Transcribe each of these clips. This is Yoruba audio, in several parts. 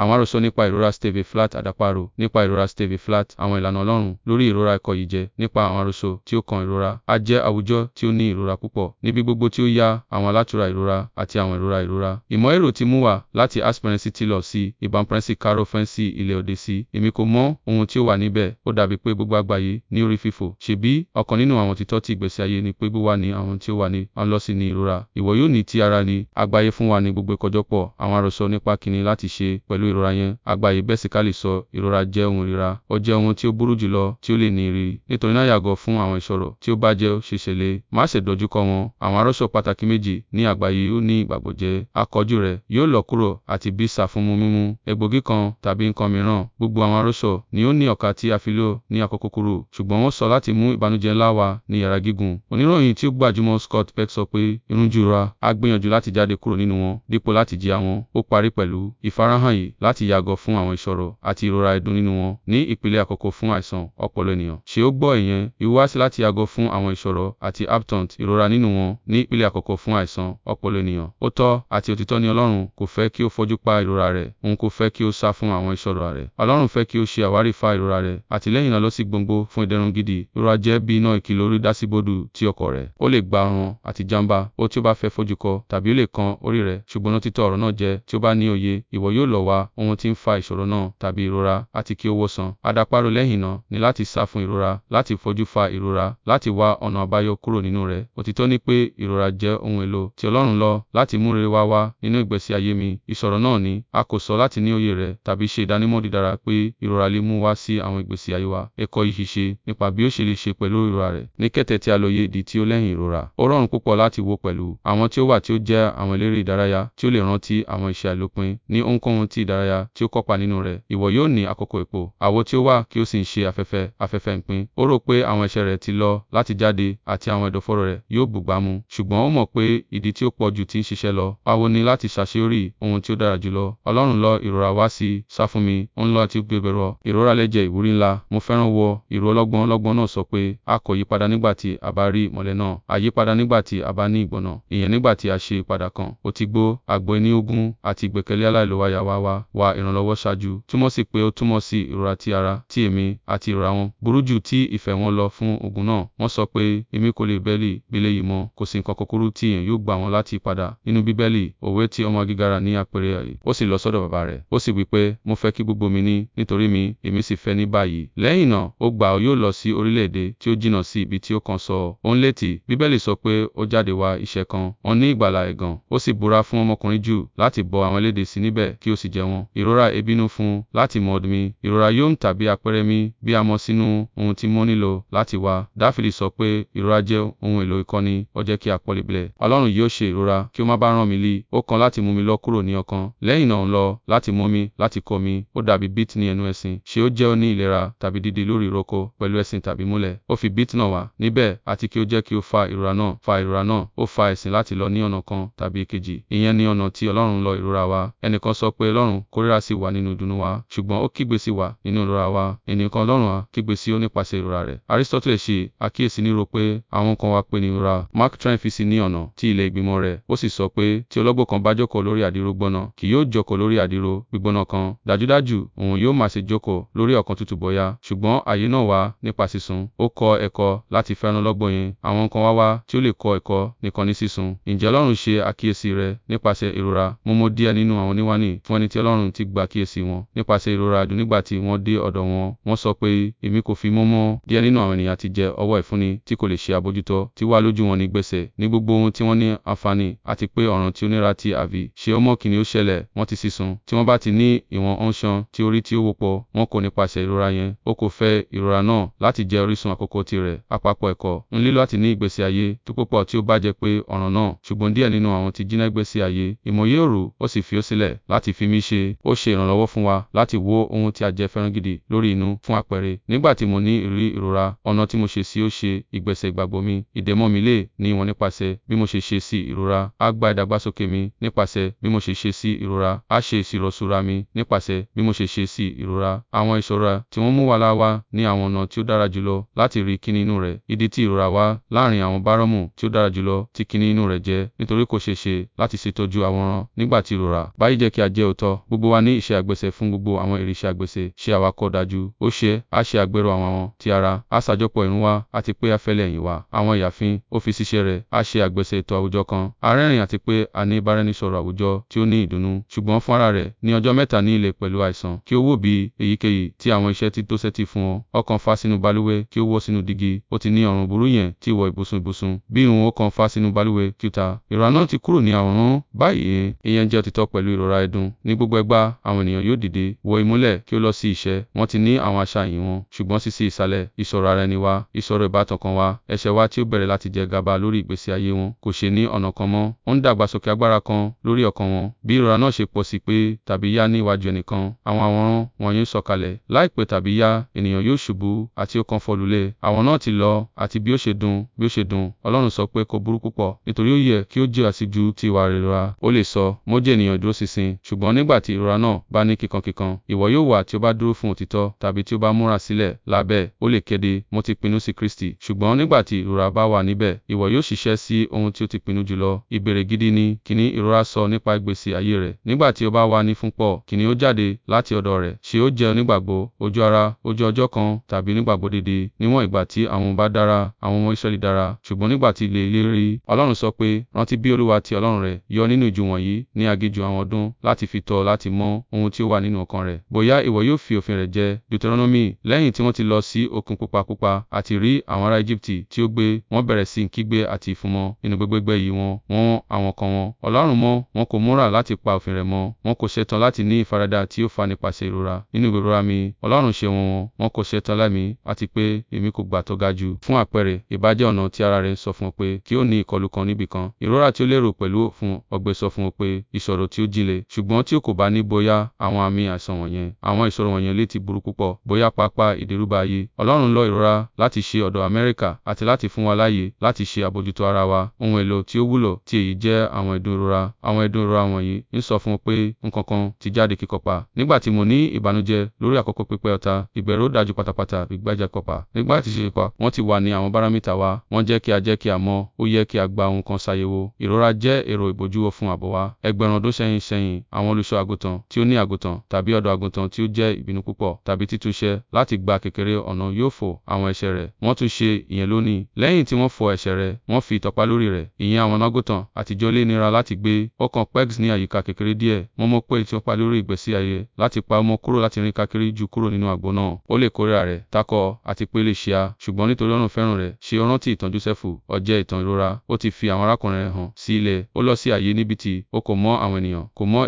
Àwọn àròsọ nípa ìrora Steve Flat àdàparò nípa ìrora Steve Flat àwọn ìlànà Ọlọ́run lórí ìrora ẹ̀kọ́ yìí jẹ́ nípa àwọn àròsọ tí ó kan ìrora. A jẹ́ àwùjọ tí ó ní ìrora púpọ̀ níbi gbogbo tí ó yá àwọn alátùúra ìrora àti àwọn ìrora ìrora. Ìmọ̀ èrò ti mú wa láti aspirancy ti lọ sí ìbámuparency caro fẹ́ǹsì ilẹ̀ òde sí. Èmi kò mọ ohun tí ó wà níbẹ̀, ó dàbí pé gbogbo àgbáyé ní orí fífò. Ṣèbí ọ̀kan nínú àwọn òtítọ́ ti ìgbésí ayé ni pé wíwà ní àwọn tí ó wà ní à ń lọ sí ní ìrora. Ìwọ yóò ní ti ara ní. Àgbáyé fún wa ní gbogbo ìkójọpọ̀ àwọn àròsọ nípa kínní láti ṣe pẹ̀lú pẹ̀lú ìrora yẹn. Àgbáyé Bẹ́síkálì sọ, ìrora jẹ́ ohun ìríra. Ó jẹ́ ohun tí ó burú jùlọ tí ó lè ní ìrì. Nítorí náà yàgò fún àwọn ìṣòro tí ó bá jẹ́ ṣeṣẹlẹ̀. Má ṣe dojúkọ wọn. Àwọn aránṣọ pàtàkì méjì ní àgbáyé ó ní ìgbàgbọ́ jẹ́. Akọjú rẹ̀ yóò lọ kúrò àti bí sà fún mímú egbògi kan tàbí nǹkan mìíràn. Gbogbo àwọn aránṣọ ni ó ní ọ̀kà tí a fi lò ní àkókò kúrò, ṣùgbọ́n wọ́n sọ láti mú ìbànújẹ́ ńlá wá ní yàrá gígùn. Oníròyìn tí ó gbajúmọ̀ Scott Peck sọ pé ìrújú ìrora á gbìyànjú láti jáde kúrò nínú wọn dípò láti jìyà wọn. Ó parí pẹ̀lú ìfarahàn yìí láti yàgò fún àwọn ìṣòro àti ìrora ẹ̀dùn nínú wọn ní ìpele àkọ́kọ́ fún àìsàn ọpọlọ ènìyàn. Ṣé o gbọ́ ìyẹn? Ìhùwàsí láti yàgò fún àwọn ìṣòro àti absent ìrora nínú wọn ní ìpele àkọ́kọ́ fún àìsàn ọpọlọ ènìyàn. Òótọ́ àti òtítọ́ ni Ọlọ́run kò fẹ́ kí o fojú pa ìrora rẹ, òun kò fẹ́ kí o sá fún àwọn ìṣòro rẹ. Ọlọ́run fẹ́ kí o ṣe àwárí fa ìrora rẹ, àti lẹ́yìn náà lọ sí gbòǹgbò fún ìdẹ̀rùn gidi. Ìrora jẹ́ bí iná ìkìlọ̀ orí dásíbòdù ti ọkọ̀ rẹ. Ó lè gba ọ̀ràn àti ìjàmbá, ó tí ó bá fẹ́ fojúkọ, tàbí ó lè kan orí rẹ. Ṣùgbọ́n òtítọ́ ọ̀rọ̀ náà jẹ́, tí o bá ní òye, ìwọ yóò lọ wá ohun tí ń fa ìṣòro náà tàbí ìrora àti kí ó wòsàn. Àdàparò lẹ́yìn náà ni láti sá fún ìrora, láti fojú fa ìrora, láti wá ọ̀nà àbáyọ kúrò nínú rẹ̀. Òtítọ́ ni pé ìrora jẹ́ ohun èlò tí Ọlọ́run lò láti mú rere wá wá nínú ìgbésí ayé mi. Ìṣòro náà ni a kò sọ láti ní òye rẹ̀ tàbí ṣe ìdánimọ̀ dídára pé ìrora lè mú wá sí àwọn ìgbésí ayé wa. Ẹ̀kọ́ yìí ṣiṣẹ́ nípa bí ó ṣe lè ṣe pẹ̀lú ìrora rẹ̀. Ní kété tí a lóye ìdí tí ó lẹ́yìn ìrora, ó rọrùn púpọ̀ láti wò pẹ̀lú àwọn tí ó wà tí ó jẹ́ àwọn eléré ìdárayá tí ó lè rántí àwọn iṣẹ́ àìlópin ní ohunkóhun tí ìdá ìdárayá tí ó kópa nínú rẹ̀. Ìwọ yóò ní àkókò ipò, àwo tí ó wà kí ó sì ń ṣe afẹ́fẹ́, afẹ́fẹ́ ìpín. Ó rò pé àwọn ẹsẹ̀ rẹ̀ ti lọ láti jáde àti àwọn ẹ̀dọ̀fóró rẹ̀ yóò búgbàmù, ṣùgbọ́n ó mọ̀ pé ìdí tí ó pọ̀jù ti ń ṣiṣẹ́ lọ. Àwo ni láti ṣàṣeyọrí ohun tí ó dára jùlọ. Ọlọ́run lọ ìrora wá sí sá fún mi, ó ń lọ àti gbé bẹ̀rọ. Ìrora lè jẹ́ ìwúrí ńlá. Mo fẹ́ràn wọ ìró ọlọ́gbọ́n ọlọ́gbọ́n náà sọ pé, a kò yípadà nígbà tí a bá rí ìmọ́lẹ̀ náà, a yípadà nígbà tí a bá ní ìgbọ̀nà, ìyẹn nígbà tí a ṣe ìpadà kan. Ó ti gbó, àgbo ẹni ogun àti ìgbẹ́kẹ̀lé aláìlówáyà wá wá wa ìrànlọ́wọ́ ṣáájú, túmọ̀ sí pé ó túmọ̀ sí ìrora ti ara, ti ẹ̀mí, àti ìrora wọn, burú jù tí ìfẹ́ wọn lọ fún ogun náà. Wọ́n sọ pé, èmi kò lè bẹ́lì, bí eléyìí mọ́, kò sí nǹkan kúkúrú tí èèyàn yóò gbà wọ́n láti padà. Nínú Bíbélì, òwe tí ọmọ gígara ní àpẹẹrẹ rẹ̀, ó sì lọ sọ́dọ̀ bàbá rẹ̀, ó sì wí pé, mo fẹ́ kí gbogbo mi ní, nítorí mi, èmi sì fẹ́ ní báyìí. Lẹ́yìn náà, ó gbà ó yóò lọ sí orílẹ̀-èdè tí ó jìnnà sí ibi tí ó kan sọ, òun létí, Bíbélì sọ pé ó jáde wá iṣẹ́ kan, òun ní ìgbàlà ẹ̀gàn, ó sì búra fún ọmọkùnrin Júù láti bọ àwọn elédè sí níbẹ̀, kí ó sì jẹ wọ́n wọn. Ìrora ìbínú fún láti mọ ọdún mi. Ìrora yóò tàbí àpẹẹrẹ mi bí a mọ̀ sínú ohun tí mo nílò láti wá. Dafidi sọ pé ìrora jẹ́ ohun èlò ìkọ́ni, ó jẹ́ kí a pọ̀ libẹ̀. Ọlọ́run yóò ṣe ìrora kí ó má bá rán mi lí. Ó kan láti mú mi lọ kúrò ní ọkàn. Lẹ́yìn náà ń lọ láti mú mi láti kó mi. Ó dàbí bit ní ẹnu ẹṣin. Ṣé ó jẹ́ oní ìlera tàbí dídì lórí ìrókò pẹ̀lú ẹṣin tàbí múlẹ̀? Ó fi bit náà wá níbẹ̀ àti kí ó jẹ́ kí ó fa ìrora náà. Fa ìrora náà. Ó fa ẹṣin láti lọ ní ọ̀nà kan tàbí èkejì. Ìyẹn ni ọ̀nà tí Ọlọ́run lọ ìrora wa. Ẹnìkan sọ pé Ọlọ́run kórìíra sì wà nínú ìdùnnú wa, ṣùgbọ́n ó kígbe sí wa nínú ìrora wa. Ẹnìkan Ọlọ́run a kígbe sí ó nípasẹ̀ ìrora rẹ̀. Aristotle ṣe àkíyèsí níro pé àwọn kan wà pé ní ìrora. Mark Twain fi sí ní ọ̀nà ti ilẹ̀ ìgbìmọ̀ rẹ̀, ó sì sọ pé tí ológbò kan bá jókòó lórí àdìrò gbóná, kì yóò jókòó lórí àdìrò gbígbóná kan. Dájúdájú, òun yóò má ṣe jókòó lórí ọ̀kan tútù bóyá, ṣùgbọ́n ààyè náà wá nípa sísun. Ó kọ́ ẹ̀kọ́ láti fẹ́ràn ológbò yẹn. Àwọn kan wá wá tí ó lè kọ́ ẹ̀kọ́ nìkan ní sísun. Ǹjẹ́ Ọlọ́run ṣe àkíyèsí rẹ̀ nípasẹ̀ ìrora? Mo mọ díẹ̀ nínú àwọn oníwàní fún ẹni tí Ọlọ́run Ọlọ́run ti gbàkíyèsí wọn nípasẹ̀ ìrora adùn nígbà tí wọ́n dé ọ̀dọ̀ wọn. Wọ́n sọ pé, “Èmi kò fi mọ́ mọ́.” Díẹ̀ nínú àwọn ènìyàn ti jẹ ọwọ́ ìfúnni tí kò lè ṣe àbójútó, tí wà lójú wọn ní gbèsè, ní gbogbo ohun tí wọ́n ní àǹfààní, àti pé ọ̀ràn tí ó nira ti àbí ṣe ọmọ kìíní ó ṣẹlẹ̀, wọ́n ti sísun. Tí wọ́n bá ti ní ìwọ̀n ọ̀ṣán tí orí tí ó wọ́pọ̀, wọn kò nípasẹ̀ ìrora yẹn. Ó kò fẹ́ ìrora náà láti jẹ́ orísun àkókò tirẹ̀. Àpapọ̀ ẹ̀kọ́ ń lílò láti ní ìgbésí ayé tó púpọ̀ tí ó bá jẹ́ pé ọ̀ràn náà, ṣùgbọ́n díẹ̀ nínú àwọn ti jìnnà ìgbésí ayé, ìmọ̀ yóò rò, ó sì fi ó sílẹ̀ láti fi mí ṣe ṣe, ó ṣe ìrànlọ́wọ́ fún wa láti wo ohun tí a jẹ́ fẹ́ràn gidi lórí inú fún àpẹẹrẹ. Nígbà tí mo ní ìrírí ìrora, ọ̀nà tí mo ṣe sí ó ṣe ìgbésẹ̀ ìgbàgbọ́ mi, ìdẹ̀mọ́ mi lè ní ìwọ̀n nípasẹ̀ bí mo ṣe ṣe sí ìrora, á gba ìdàgbàsókè mi nípasẹ̀ bí mo ṣe ṣe sí ìrora, á ṣe ìṣirọ̀ṣúra mi nípasẹ̀ bí mo ṣe ṣe sí ìrora. Àwọn ìṣọ́ra tí wọ́n mú wa là wá ní àwọn ọ̀nà tí ó dára jùlọ láti rí kíni inú rẹ̀. Ìdí tí ìrora wà láàárín àwọn bárọ́mù tí ó dára jùlọ tí kíni inú rẹ̀ jẹ́ nítorí kò ṣeé ṣe láti ṣètọ́jú àwòrán nígbà tí ìrora bá jẹ́ kí a jẹ́ òótọ́. Gbogbo wa ní iṣẹ́ àgbèsè fún gbogbo àwọn èrè iṣẹ́ àgbèsè ṣe àwakọ̀ dájú. Ó ṣe, a ṣe àgbèrò àwọn wọn ti ara, a ṣàjọpọ̀ irun wa, àti pé a fẹ́lẹ̀ ẹ̀yìn wa. Àwọn ìyàfin, ó fi ṣiṣẹ́ rẹ̀, a ṣe àgbèsè ètò àwùjọ kan. A rẹ́rìn àti pé a ní ìbáraẹnisọ̀rọ̀ àwùjọ tí ó ní ìdùnnú. Ṣùgbọ́n fún ara rẹ̀, ní ọjọ́ mẹ́ta ní ilé pẹ̀lú àìsàn, kí ó wò bí èyíkéyìí tí àwọn iṣẹ́ tí Doseti fún ọ. Ọkàn fà sínú balùwẹ̀, kí ó wọ́ sínú dígí, ó ti ní ọrùn burú yẹn ti wọ ibùsùn ibùsùn. Bí irun ó kan fà sínú balùwẹ̀, kí ó ta. Ìrora náà ti kúrò ní àwòrán. Báyìí, ìyẹn jẹ́ òtítọ́ pẹ̀lú ìrora ẹ̀dùn ní gbogbo gbogbo ẹgbá àwọn ènìyàn yóò dìde wọ ìmúlẹ̀ kí ó lọ sí iṣẹ́. Wọ́n ti ní àwọn àṣà ìyìn wọn, ṣùgbọ́n sísí ìsàlẹ̀, ìsọ̀rọ̀ ara ẹni wa, ìsọ̀rọ̀ ìbátan kan wa, ẹ̀ṣẹ̀ wa tí ó bẹ̀rẹ̀ láti jẹ gàba lórí ìgbésí ayé wọn, kò ṣe ní ọ̀nà kan mọ́. Ó ń dàgbàsókè agbára kan lórí ọkàn wọn. Bí ìrora náà ṣe pọ̀ sí pé tàbí yá ní iwájú ẹnìkan, àwọn àwòrán wọ̀nyí ń sọ̀kalẹ̀. Láìpẹ́ tàbí yá, ènìyàn yóò ṣubú àti ó kan fọ́ Àwọn náà ti lọ, àti bí ó ṣe dùn, bí ó ṣe dùn, Ọlọ́run sọ pé kò burú púpọ̀, nítorí ó yẹ kí ó jìyà sí ju ti ìwà ìrora. Ó lè sọ, mo jẹ́ ènìyàn ìdúróṣinṣin, ṣùgbọ́n nígbà àti ìrora náà bá ní kíkankíkan, ìwọ yóò wà tí ó bá dúró fún òtítọ́ tàbí tí ó bá múra sílẹ̀ lábẹ́, ó lè kéde, mo ti pinnu sí Kristi. Ṣùgbọ́n nígbà tí ìrora bá wà níbẹ̀, ìwọ yóò ṣiṣẹ́ sí ohun tí ó ti pinnu jùlọ. Ìbéèrè gidi ni, kí ni ìrora sọ nípa ìgbésí ayé rẹ̀? Nígbà tí ó bá wà ní fúnpọ̀, kí ni ó jáde láti ọ̀dọ̀ rẹ̀? Ṣé ó jẹ́ onígbàgbọ́, ojú ara, ojú ọjọ́ kan, tàbí onígbàgbọ́ déédéé? Níwọ̀n ìgbà tí àwọn bá dára, àwọn ọmọ Israẹli dára, ṣùgbọ́n nígbà tí ilé ìlérí, Ọlọ́run sọ pé, rántí bí Olúwa ti Ọlọ́run rẹ yọ nínú ijù wọ̀nyí ní aginjù àwọn ọdún láti fi tọ́ ọ láti mọ ohun tí ó wà nínú ọkàn rẹ̀. Bóyá ìwọ yóò fi òfin rẹ̀ jẹ Deuteronomy. Lẹ́yìn tí wọ́n ti lọ sí òkun pupapupa àti rí àwọn ará Ejibiti tí ó gbé, wọ́n bẹ̀rẹ̀ sí í kígbe àti ìfúnmọ́ nínú gbogbo ẹgbẹ́ yìí wọn, wọ́n àwọn kan wọn. Ọlọ́run mọ́, wọn kò múra láti pa òfin rẹ̀ mọ́, wọn kò ṣetán láti ní ìfaradà tí ó fa nípasẹ̀ ìrora. Nínú ìrora mi, Ọlọ́run ṣe wọn wọn, wọn kò ṣetán láìmí àti pé èmi kò gbà tó ga jù. Fún àpẹẹrẹ, ìbàjẹ́ ọ̀nà tí ara rẹ̀ sọ fún ọ pé kí ó ní ìkọlù kan níbì Ìrora tí ó lérò pẹ̀lú fún ọgbẹ́ sọ fún ọ pé ìṣòro tí ó jinlẹ̀, ṣùgbọ́n bá ní bóyá àwọn àmì àìsàn wọ̀nyẹn, àwọn ìṣòro wọ̀nyẹn lè ti burú púpọ̀, bóyá pápá ìdẹ́rùbà ayé. Ọlọ́run ń lo ìrora láti ṣe ọ̀dọ̀ Amẹ́ríkà àti láti fún wa láàyè láti ṣe àbójútó ara wa. Ohun èlò tí ó wúlò tí èyí jẹ́ àwọn ẹ̀dùn ìrora. Àwọn ẹ̀dùn ìrora wọ̀nyí ń sọ fún un pé nǹkan kan ti jáde kíkọpa. Nígbà tí mo ní ìbànújẹ́ lórí àkókò pípẹ́ ọ̀tá, ìbẹ̀rù dájú pátápátá ìgbàjà kọpa. Nígbà tí ṣe pa, wọ́n ti wà ní àwọn bárámítà wa, wọ́n jẹ́ kí a jẹ́ kí a mọ̀, ó yẹ kí a gba ohun kan ṣàyẹ̀wò. Ìrora jẹ́ èrò ìbòjúwò fún ààbò wa. Ẹgbẹ̀rún ọdún sẹ́yìn sẹ́yìn, àwọn olùṣọ́ àgùntàn àgùntàn tí ó ní àgùntàn tàbí ọ̀dọ́ àgùntàn tí ó jẹ́ ìbínú púpọ̀ tàbí títúnṣe láti gba kékeré ọ̀nà yóò fò àwọn ẹ̀ṣẹ̀ rẹ̀. Wọ́n tún ṣe ìyẹn lónìí. Lẹ́yìn tí wọ́n fọ ẹ̀ṣẹ̀ rẹ̀, wọ́n fi ìtọ́pá lórí rẹ̀. Ìyẹn àwọn àgùntàn àtijọ́ lè nira láti gbé. Ó kan pegs ní àyíká kékeré díẹ̀. Wọ́n mọ̀ pé ìtọ́pá lórí ìgbésí ayé láti pa ọmọ kúrò láti rìn káàkiri jù kúrò nínú àgbo náà. Ó lè kórìíra rẹ̀, takọ̀ àti pé lè ṣe Ṣùgbọ́n nítorí Ọlọ́run fẹ́ràn rẹ̀, ṣe ó rántí ìtàn Jósẹ́fù. Ó ìtàn ìrora. Ó ti fi àwọn arákùnrin rẹ̀ hàn sí ilẹ̀. Ó lọ sí ààyè níbi tí ó kò mọ àwọn ènìyàn, kò mọ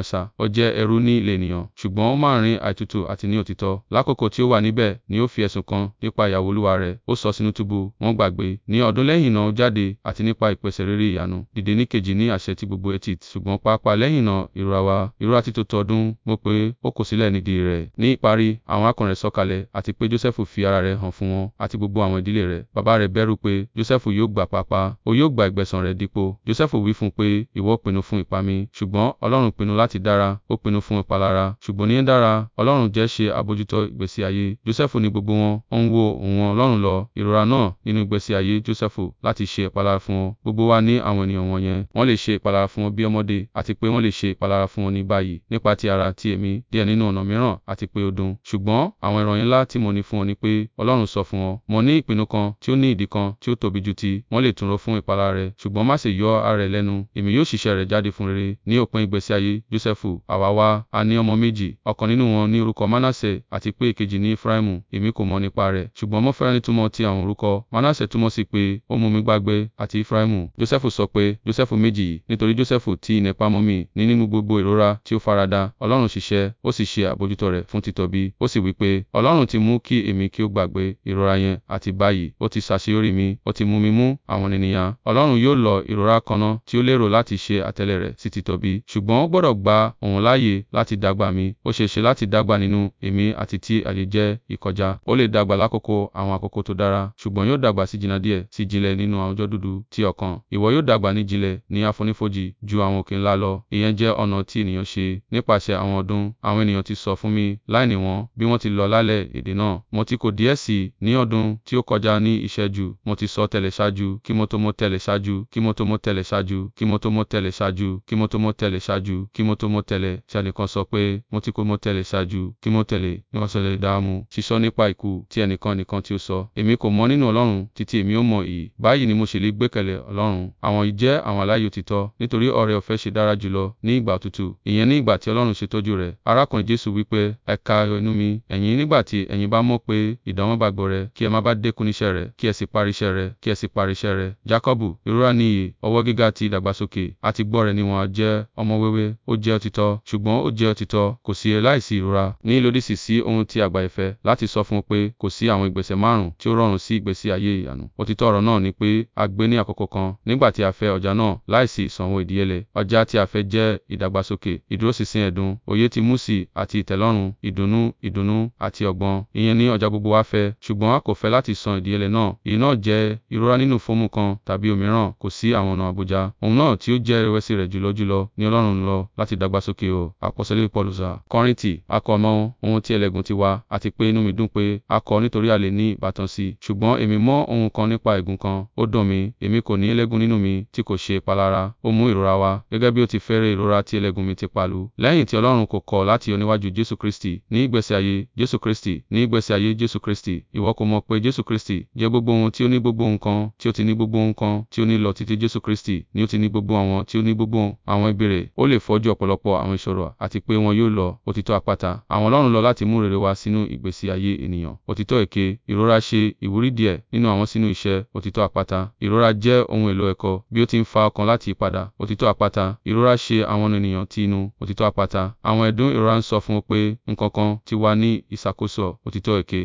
ìmọ̀ àṣà, ó jẹ́ ẹrú ní ilé ènìyàn, ṣùgbọ́n ó máa ń rin àìtútù àti ní òtítọ́. Lákòókò tí ó wà níbẹ̀ ni ó fi ẹ̀sùn kan nípa ìyàwó olúwa rẹ̀, ó sọ sínú túbú, wọ́n gbàgbé. Ní ọdún lẹ́yìn náà ó jáde, àti nípa ìpèsè rere ìyanu. Dìde níkejì ní àṣẹ ti gbogbo etí, ṣùgbọ́n pàápàá lẹ́yìn náà ìrora wa, ìrora títò tọdún, mo pé ó kọ̀ sílẹ̀ nídìí rẹ̀. Ní ìparí, àwọn akọrin rẹ̀ sọ̀kalẹ̀, àti pé Josẹfu fi ara rẹ̀ hàn fún wọn, àti gbogbo àwọn ìdílé rẹ̀. Bàbá rẹ̀ bẹ̀rù pé Josẹfu yóò gbà pàápàá, ó yóò gba ìgbẹ̀san rẹ̀ dípò. Josẹfu wí fún pé, ìwọ pinnu fún ipá ṣùgbọ́n Ọlọ́run pinnu láti láti dára, ó pinnu fún ìpalára, ṣùgbọ́n ní dára, Ọlọ́run jẹ́ ṣe àbójútó ìgbésí ayé. Jósẹ́fù ní gbogbo wọn, ó ń wo òun Ọlọ́run lọ, ìrora náà nínú ìgbésí ayé Jósẹ́fù láti ṣe ìpalára fún wọn. Gbogbo wa ní àwọn ènìyàn wọ̀nyẹn, wọ́n lè ṣe ìpalára fún wọn bí ọmọdé, àti pé wọ́n lè ṣe ìpalára fún wọn ní báyìí, nípa ti ara ti èmi, díẹ̀ nínú ọ̀nà mìíràn, àti pé ó dùn. Ṣùgbọ́n àwọn ìròyìn ńlá tí mo ní fún wọn ni pé, Ọlọ́run sọ fún wọn, mo ní ìpinnu kan tí ó ní ìdí kan tí ó tóbi ju ti, wọ́n lè túnrọ fún ìpalára rẹ̀, ṣùgbọ́n má ṣe yọ ara rẹ̀ lẹ́nu, èmi yóò Josẹfu, àwa wá, a ní ọmọ méjì, ọ̀kan nínú wọn ní orúkọ Manase, àti pé èkejì ní Efraimu, èmi kò mọ̀ nípa rẹ̀, ṣùgbọ́n mo fẹ́ràn ìtumọ̀ ti àwọn orúkọ. Manase túmọ̀ sí pé, ó mú mi gbàgbé, àti Efraimu. Josẹfu sọ pé, Josẹfu méjì yìí, nítorí Josẹfu ti ìnẹ̀pá mọ́ mi, ní nínú gbogbo ìrora tí ó faradà, Ọlọ́run ṣiṣẹ́, ó sì ṣe àbójútó rẹ̀ fún títóbi, ó sì wí pé, Ọlọ́run ti mú kí èmi kí ó gbàgbé ìrora yẹn, àti báyìí, ó ti ṣàṣeyọrí mi, ó ti mú mi mú àwọn ènìyàn. Ọlọ́run yóò lo ìrora kan tí ó lérò láti ṣe àtẹ̀lé rẹ̀ sí títóbi, ṣùgbọ́n ó gbọdọ̀ gbà gba òun láàyè láti dàgbà mi. Ó ṣe é ṣe láti dàgbà nínú èmi àti tí ààyè jẹ́ ìkọjá. Ó lè dàgbà lákòókò àwọn àkókò tó dára, ṣùgbọ́n yóò dàgbà sí jìnnà díẹ̀ sí jinlẹ̀ nínú àwùjọ dúdú ti ọkàn. Ìwọ yóò dàgbà ní jinlẹ̀ ní àfonífojì ju àwọn òkè ńlá lọ. Ìyẹn jẹ́ ọ̀nà tí ènìyàn ṣe. Nípasẹ̀ àwọn ọdún, àwọn ènìyàn ti sọ fún mi láìníwọ̀n bí wọ́n ti lọ lálẹ́ èdè náà. Mo ti kọ díẹ̀ sí i ní ọdún tí ó kọjá ní ìṣẹ́jú. Mo ti sọ tẹ́lẹ̀ ṣáájú, kí mo tó mọ̀ tẹ́lẹ̀ ṣáájú, kí mo tó mọ̀ tẹ́lẹ̀ ṣáájú, kí mo tó mọ̀ tẹ́lẹ̀ ṣáájú, kí mo tó mọ̀ tẹ́lẹ̀ ṣáájú, kí mo mo tó mọ̀ tẹ́lẹ̀ tí ẹnìkan sọ pé mo ti kó mọ̀ tẹ́lẹ̀ ṣáájú kí mo tẹ̀lé nípa ṣẹlẹ̀ ìdààmú sísọ nípa ikú tí ẹnìkan nìkan tí ó sọ èmi kò mọ̀ nínú Ọlọ́run títí èmi ó mọ̀ yìí báyìí ni mo ṣèlè gbẹ́kẹ̀lé Ọlọ́run àwọn yìí jẹ́ àwọn aláyè òtítọ́ nítorí ọrẹ ọ̀fẹ́ ṣe dára jùlọ ní ìgbà òtútù ìyẹn ní ìgbà tí Ọlọ́run ṣètọ́jú rẹ̀ arákùnrin Jésù wípé ẹ ka inú mi ẹ̀yin nígbà tí ẹ̀yin bá mọ̀ pé ìdánwò gbàgbọ́ rẹ̀ kí ẹ má bá dẹ́kun iṣẹ́ rẹ̀ kí ẹ sì parí iṣẹ́ rẹ̀ kí ẹ sì parí iṣẹ́ rẹ̀ Jákọ́bù ìrora níyì ọwọ́ gíga ti ìdàgbàsókè àti gbọ́ rẹ̀ níwọ̀n jẹ́ ọmọ wẹ́wẹ́ ó jẹ́ òtítọ́, ṣùgbọ́n ó jẹ́ òtítọ́, kò sí láìsí ìrora, ní ìlòdìsí sí ohun tí àgbáyé fẹ́, láti sọ fún un pé kò sí àwọn ìgbésẹ̀ márùn-ún tí ó rọrùn sí ìgbésí ayé ìyanu. Òtítọ́ ọ̀rọ̀ náà ni pé a gbé ní àkókò kan nígbà tí a fẹ́ ọjà náà láìsí ìsanwó ìdíyelé. Ọjà tí a fẹ́ jẹ́ ìdàgbàsókè, ìdúróṣinṣin ẹ̀dùn, òye ti múùsì àti ìtẹ́lọ́rùn, ìdùnnú, ìdùnnú àti ọgbọ́n. Ìyẹn ni ọjà gbogbo wa fẹ́, ṣùgbọ́n a kò fẹ́ láti san ìdíyelé náà. Èyí náà jẹ́ ìrora nínú fọ́ọ̀mù kan tàbí òmíràn, kò sí àwọn ọ̀nà Àbújá. Ohun náà tí ó jẹ́ ìrẹ̀wẹ̀sì rẹ̀ jùlọ jùlọ ni Ọlọ́run lò láti láti dàgbàsókè o. Àpọ́sẹ́lẹ̀ Pọ́ọ̀lù sà. Kọ́ríntì, a kò mọ ohun tí ẹlẹ́gùn ti wá, àti pé inú mi dùn pé a kọ̀ nítorí a lè ní ìbátan sí i. Ṣùgbọ́n èmi mọ ohun kan nípa ègún kan, ó dùn mí, èmi kò ní ẹlẹ́gùn nínú mi tí kò ṣe ìpalára, ó mú ìrora wá, gẹ́gẹ́ bí ó ti fẹ́rẹ̀ ìrora tí ẹlẹ́gùn mi ti palu. Lẹ́yìn tí Ọlọ́run kò kọ̀ láti oníwájú Jésù Kristi, ní ìgbésí ayé Jésù Kristi, ní ìgbésí ayé Jésù Kristi, ìwọ kò mọ̀ pé Jésù Kristi jẹ́ gbogbo ohun tí ó ní gbogbo nǹkan, tí ó ti ní gbogbo nǹkan, tí ó ní lọ títí Jésù Kristi, ni ó ti ní gbogbo àwọn tí ó ní gbogbo àwọn ibi rẹ̀, ó lè fọ́jú ọ̀pọ̀lọpọ̀ àwọn ìṣòro àti pé wọn yóò lọ òtítọ́ àpáta. Àwọn Ọlọ́run lọ láti mú rere wá sínú ìgbésí ayé ènìyàn. Òtítọ́ èké, ìrora ṣe ìwúrí díẹ̀ nínú àwọn sínú iṣẹ́ òtítọ́ àpáta. Ìrora jẹ́ ohun èlò ẹ̀kọ́ bí ó ti ń fa ọkàn láti yípadà. Òtítọ́ àpáta, ìrora ṣe àwọn ènìyàn ti inú òtítọ́ àpáta. Àwọn ẹ̀dùn ìrora ń sọ fún ọ pé nǹkan kan ti wà ní ìṣàkóso òtítọ́ èké.